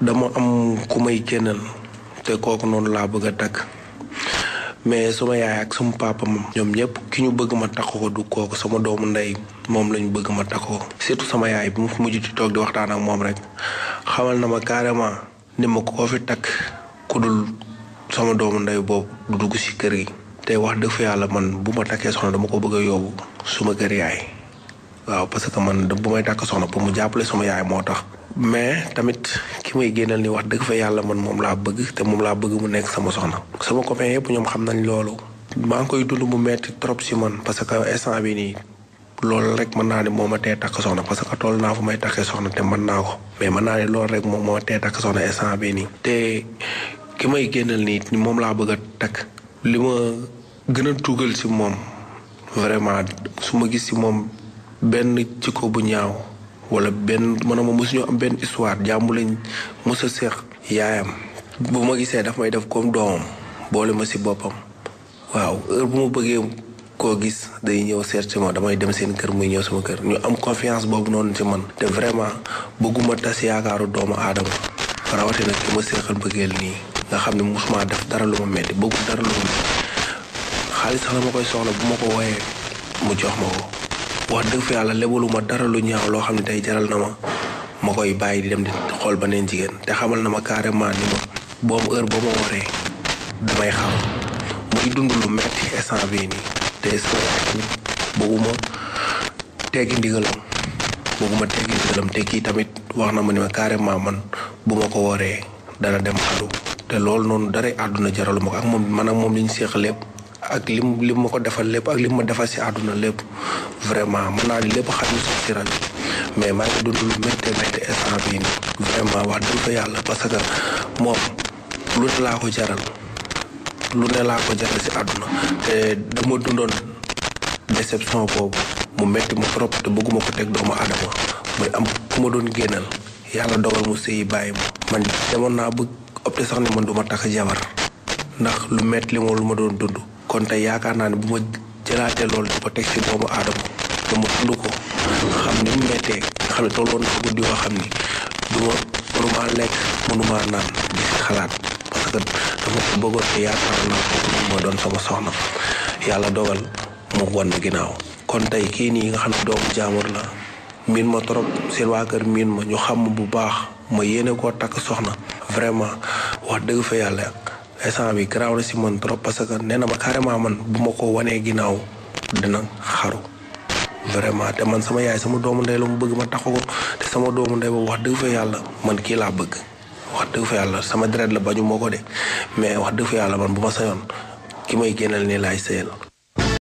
dama am ku may génnal te kooku noonu laa bëgg a takk mais sama yaay ak suma papa moom ñoom ñëpp ki ñu bëgg ma takk ko du kooku sama doomu ndey moom lañu bëgg ma takk ko sama yaay bi mu fi mujj toog waxtaan ak moom rek xamal na ma carrément ni ma koo fi takk ku dul sama doomu ndey boobu dugg si kër gi te wax dëgg fa yàlla man bu ma takkee soxna dama ko bëgg a suma kër yaay waaw parce que man bu may takk soxna pour mu jàppale sama yaay moo tax mais tamit ki may génnal ni wax dëgg fa yàlla man moom laa bëgg te moom laa bëgg mu nekk sama soxna sama copain yëpp ñoom xam nañ loolu maa ngi koy dund mu metti trop si man parce que instant bi nii loolu rek mën naa ne moo ma tee takk soxna parce que toll naa fu may takkee soxna te mën naa ko mais mën naa ne loolu rek moom moo ma tee takk soxna instant bi nii te ki may génnal nii moom laa bëgg a takk li ma gën a tuugal si moom vraiment su ma gis si moom benn jikko bu ñaaw wala benn man ma mosuñu am benn histoire jàmm lañ mos a seex yaayam bu ma gisee dafa may def comme doomam boole ma si boppam waaw heure bu ma bëggee koo gis day ñëw seet si ma damay dem seen kër muy ñëw sama kër ñu am confiance boobu noonu si man te vraiment bëgguma tas yaakaaru doomu aadama rawatina ki ma seexal bëggeel nii nga xam ne mosuma def dara lu ma metti bëggu dara lu ma koy soxla bu ma ko wooyee mu jox ma ko wax dëgg fa yàlla lebaluma dara lu ñaaw loo xam ne tey jaral na ma ma koy bàyyi di dem di xool beneen jigéen te xamal na ma carrément ni boobu heure boo ma waree damay dund lu metti instant nii te tamit bëgguma teggi ndigalam bëgguma teggi ndigalam tamit wax na ma ni ma carrément man bu ma ko waree dana dem xaru te loolu noonu dara àdduna jaralu ma ko ak moom man ak moom li ñu séq lépp ak lim lim ma ko defal lépp ak lim ma defal si àdduna lépp vraiment mën naa ni lépp xam ne si rajo mais maa ngi dund lu méttee méttee instant nii vraiment wax dëgg fa yàlla parce que moom lu ne laa ko jaral lu ne laa ko jaral si àdduna te dama dundoon déception boobu mu métti ma trop te bëgguma ko teg doomu aadama muy am ku ma doon génnal yàlla dogal mu sëyi bàyyi ma man demoon naa bëgg opté sax ne man duma takk jabar ndax lu métti li ma lu ma doon dund kon tey yaakaar naa ne bu ma jëlaatee loolu di ko teg si doomu aadama te ma ko xam ni mu méttee xam ne tolloon na guddi yoo xam ni du lekk mënuma naan di xalaat parce que yaakaar naa ko moo doon sama soxna yàlla dogal mu wan ginnaaw kon tey kii nii nga xam ne doomu jaamur la miin ma trop seen waa kër miin ma ñu xam bu baax ma yéene koo takk soxna vraiment wax dëgg fa yàlla instant bi garaaw na si man trop parce que nee na ma carrément man bu ma ko wanee ginnaaw dina xaru vraiment te man sama yaay sama doomu ndey la mu bëgg ma taxu ko te sama doomu ndey boobu wax dëgg fa yàlla man kii laa bëgg wax dëgg fa yàlla sama deret la bañu moo ko de mais wax dëgg fa yàlla man bu ma sañoon ki may génneel nii laay la